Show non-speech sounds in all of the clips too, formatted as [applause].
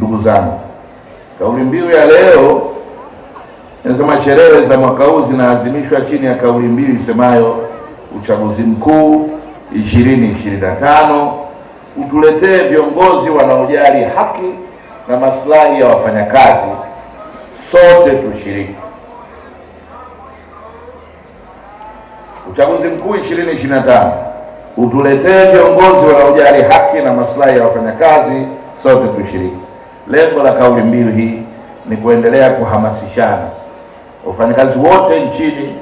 Ndugu zangu, kauli mbiu ya leo inasema sherehe za mwaka huu zinaadhimishwa chini ya kauli mbiu isemayo uchaguzi mkuu 2025 utuletee viongozi wanaojali haki na maslahi ya wafanyakazi, sote tushiriki. Uchaguzi mkuu 2025 utuletee viongozi wanaojali haki na maslahi ya wafanyakazi, sote tushiriki. Lengo la kauli mbiu hii ni kuendelea kuhamasishana wafanyakazi wote nchini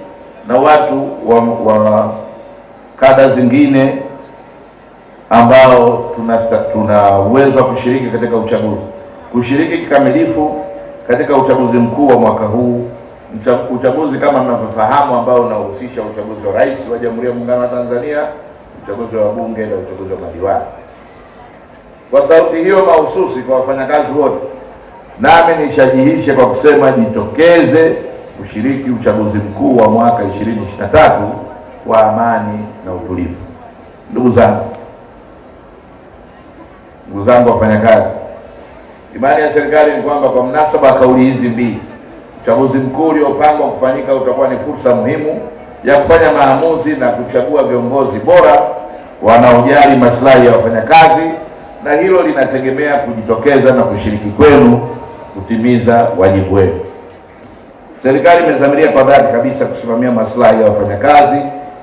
na watu wa, wa kada zingine ambao tuna tuna uwezo wa kushiriki katika uchaguzi, kushiriki kikamilifu katika uchaguzi mkuu wa mwaka huu, uchaguzi kama mnavyofahamu, ambao unahusisha uchaguzi wa rais wa Jamhuri ya Muungano wa Tanzania, uchaguzi wa bunge na uchaguzi wa madiwani kwa sauti hiyo mahususi kwa wafanyakazi wote, nami nishajihishe kwa kusema jitokeze kushiriki uchaguzi mkuu wa mwaka 2023 kwa amani na utulivu. Ndugu zangu, ndugu zangu wafanyakazi, imani ya serikali ni kwamba kwa mnasaba wa kauli hizi mbili, uchaguzi mkuu uliopangwa kufanyika utakuwa ni fursa muhimu ya kufanya maamuzi na kuchagua viongozi bora wanaojali maslahi ya wafanyakazi na hilo linategemea kujitokeza na kushiriki kwenu kutimiza wajibu wenu. Serikali imezamiria kwa dhati kabisa kusimamia maslahi ya wafanyakazi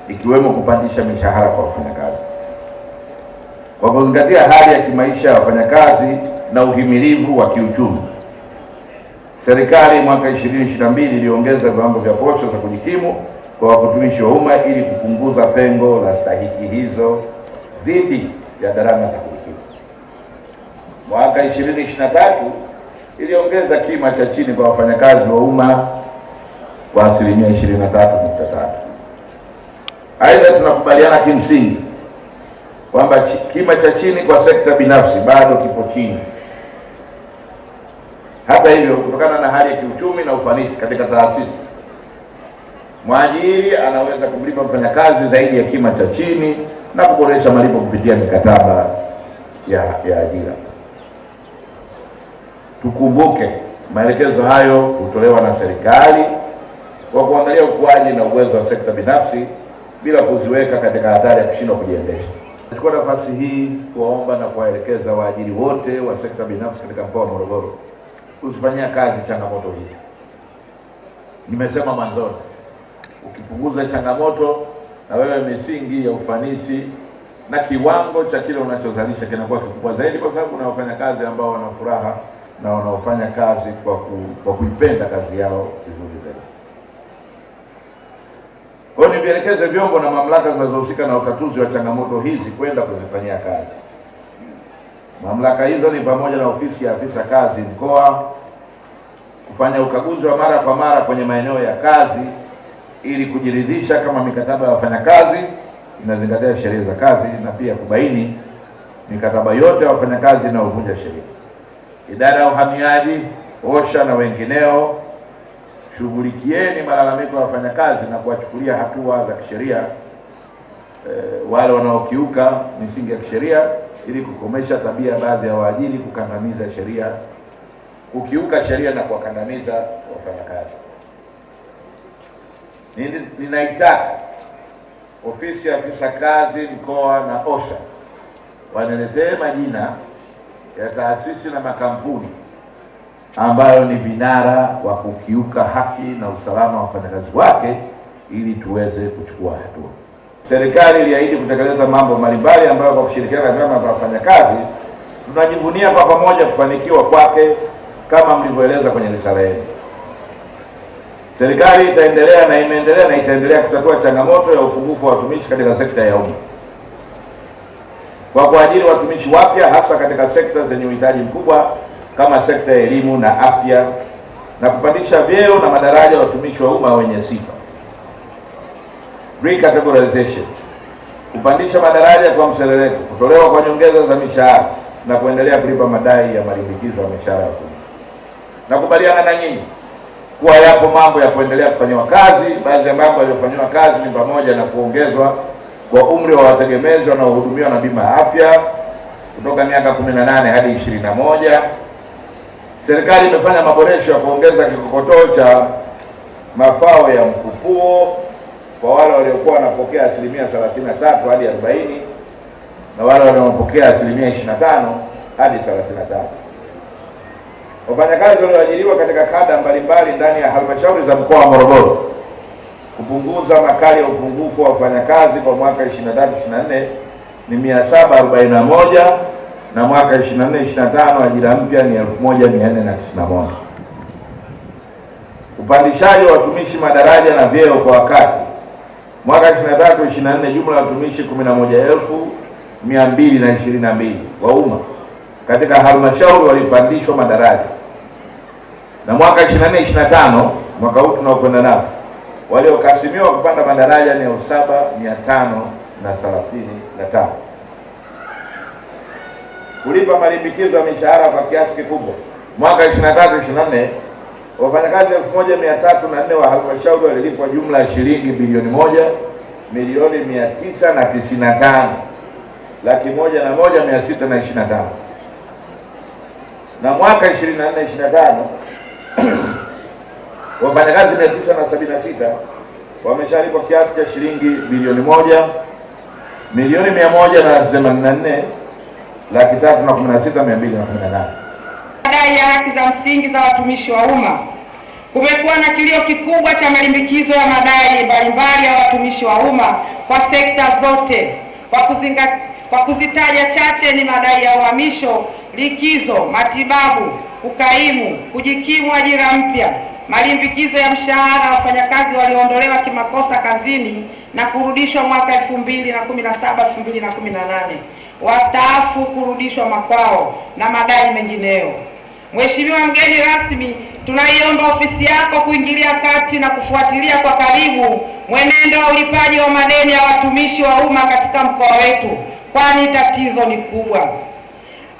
ikiwemo kupandisha mishahara kwa wafanyakazi kwa kuzingatia hali ya kimaisha ya wafanyakazi na uhimilivu wa kiuchumi. Serikali mwaka 2022 iliongeza viwango vya posho za kujikimu kwa watumishi wa umma ili kupunguza pengo la stahiki hizo dhidi ya gharama za mwaka 2023 iliongeza kima cha chini kwa wafanyakazi wa umma kwa asilimia 23.3. Aidha, tunakubaliana kimsingi kwamba kima cha chini kwa sekta binafsi bado kipo chini. Hata hivyo, kutokana na hali ya kiuchumi na ufanisi katika taasisi, mwajiri anaweza kumlipa mfanyakazi zaidi ya kima cha chini na kuboresha malipo kupitia mikataba ya, ya ajira. Tukumbuke maelekezo hayo hutolewa na serikali kwa kuangalia ukuaji na uwezo wa sekta binafsi bila kuziweka katika hatari ya kushindwa kujiendesha. Nachukua nafasi hii kuwaomba na kuwaelekeza waajiri wote wa sekta binafsi katika mkoa wa Morogoro kuzifanyia kazi changamoto hizi. Nimesema mwanzoni, ukipunguza changamoto na wewe, misingi ya ufanisi na kiwango cha kile unachozalisha kinakuwa kikubwa zaidi, kwa sababu una wafanyakazi ambao wana furaha na wanaofanya kazi kwa, ku, kwa kuipenda kazi yao vizuri zaidi. Kwa hiyo nivielekeze vyombo na mamlaka zinazohusika na utatuzi wa changamoto hizi kwenda kuzifanyia kazi. Mamlaka hizo ni pamoja na ofisi ya afisa kazi mkoa, kufanya ukaguzi wa mara kwa mara kwenye maeneo ya kazi ili kujiridhisha kama mikataba ya wafanyakazi inazingatia sheria za kazi na pia kubaini mikataba yote ya wafanyakazi inayovunja sheria idara ya uhamiaji, OSHA na wengineo, shughulikieni malalamiko ya wafanyakazi na kuwachukulia hatua za kisheria e, wale wanaokiuka misingi ya kisheria ili kukomesha tabia baadhi ya waajiri kukandamiza sheria, kukiuka sheria na kuwakandamiza wafanyakazi. Ninaitaka ofisi ya afisa kazi mkoa na OSHA waniletee majina ya taasisi na makampuni ambayo ni vinara wa kukiuka haki na usalama wa wafanyakazi wake ili tuweze kuchukua hatua. Serikali iliahidi kutekeleza mambo mbalimbali ambayo kwa kushirikiana na vyama vya wafanyakazi tunajivunia kwa pamoja kufanikiwa kwake kama mlivyoeleza kwenye risala yenu. Serikali itaendelea na imeendelea na itaendelea kutatua changamoto ya upungufu wa watumishi katika sekta ya umma kwa kuajiri watumishi wapya hasa katika sekta zenye uhitaji mkubwa kama sekta ya elimu na afya na kupandisha vyeo na madaraja ya watumishi wa umma wenye sifa. Recategorization, kupandisha madaraja kwa mserereko, kutolewa kwa nyongeza za mishahara na kuendelea kulipa madai ya malimbikizo ya mishahara ya watumishi. Nakubaliana na nyinyi kuwa yapo mambo ya kuendelea kufanyiwa kazi. Baadhi ya mambo yaliyofanyiwa kazi ni pamoja na kuongezwa kwa umri wa wategemezi wanaohudumiwa na bima ya afya kutoka miaka 18 hadi 21. Serikali imefanya maboresho ya kuongeza kikokotoo cha mafao ya mkupuo kwa wale waliokuwa wanapokea asilimia 33 hadi 40 na wale wanaopokea asilimia 25 hadi 35. Wafanyakazi walioajiriwa katika kada mbalimbali ndani ya halmashauri za mkoa wa Morogoro kupunguza makali ya upungufu wa wafanyakazi kwa mwaka 23 24 ni 741 na mwaka 24 25 ajira mpya ni 1491. Upandishaji wa watumishi madaraja na vyeo kwa wakati, mwaka 23 24 jumla ya watumishi 11222 wa umma katika halmashauri walipandishwa madaraja, na mwaka 24 25 mwaka huu tunaokwenda nao waliokasimiwa kupanda madaraja ni elfu saba mia tano na thelathini na tano. Kulipa malimbikizo ya mishahara kwa kiasi kikubwa, mwaka 23 24 wafanyakazi elfu moja mia tatu na nne wa halmashauri walilipwa jumla ya shilingi bilioni moja milioni mia tisa na tisini na tano laki moja na moja mia sita na ishirini na tano na mwaka 24 25 [clears throat] wafanyakazi mia tisa na sabini na sita wameshalipwa kiasi cha shilingi bilioni moja milioni mia moja na themanini na nne laki tatu na kumi na sita mia mbili na kumi na nane. Madai ya haki za msingi za watumishi wa umma. Kumekuwa na kilio kikubwa cha malimbikizo ya madai mbalimbali ya watumishi wa umma kwa sekta zote. Kwa kuzinga, kwa kuzitaja chache ni madai ya uhamisho, likizo, matibabu, ukaimu, kujikimu ajira mpya malimbikizo ya mshahara wafanyakazi walioondolewa kimakosa kazini na kurudishwa mwaka 2017 2018, wastaafu kurudishwa makwao na madai mengineyo. Mheshimiwa mgeni rasmi, tunaiomba ofisi yako kuingilia kati na kufuatilia kwa karibu mwenendo wa ulipaji wa madeni ya watumishi wa umma katika mkoa wetu, kwani tatizo ni kubwa.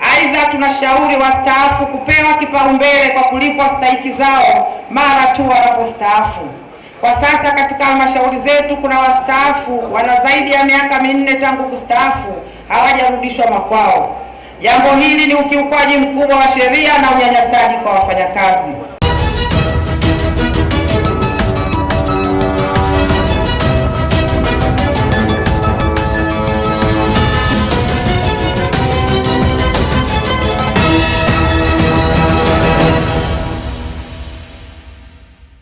Aidha, tunashauri wastaafu kupewa kipaumbele kwa kulipwa stahiki zao mara tu wanapostaafu. Kwa sasa katika halmashauri zetu kuna wastaafu wana zaidi ya miaka minne tangu kustaafu hawajarudishwa makwao. Jambo hili ni ukiukwaji mkubwa wa sheria na unyanyasaji kwa wafanyakazi.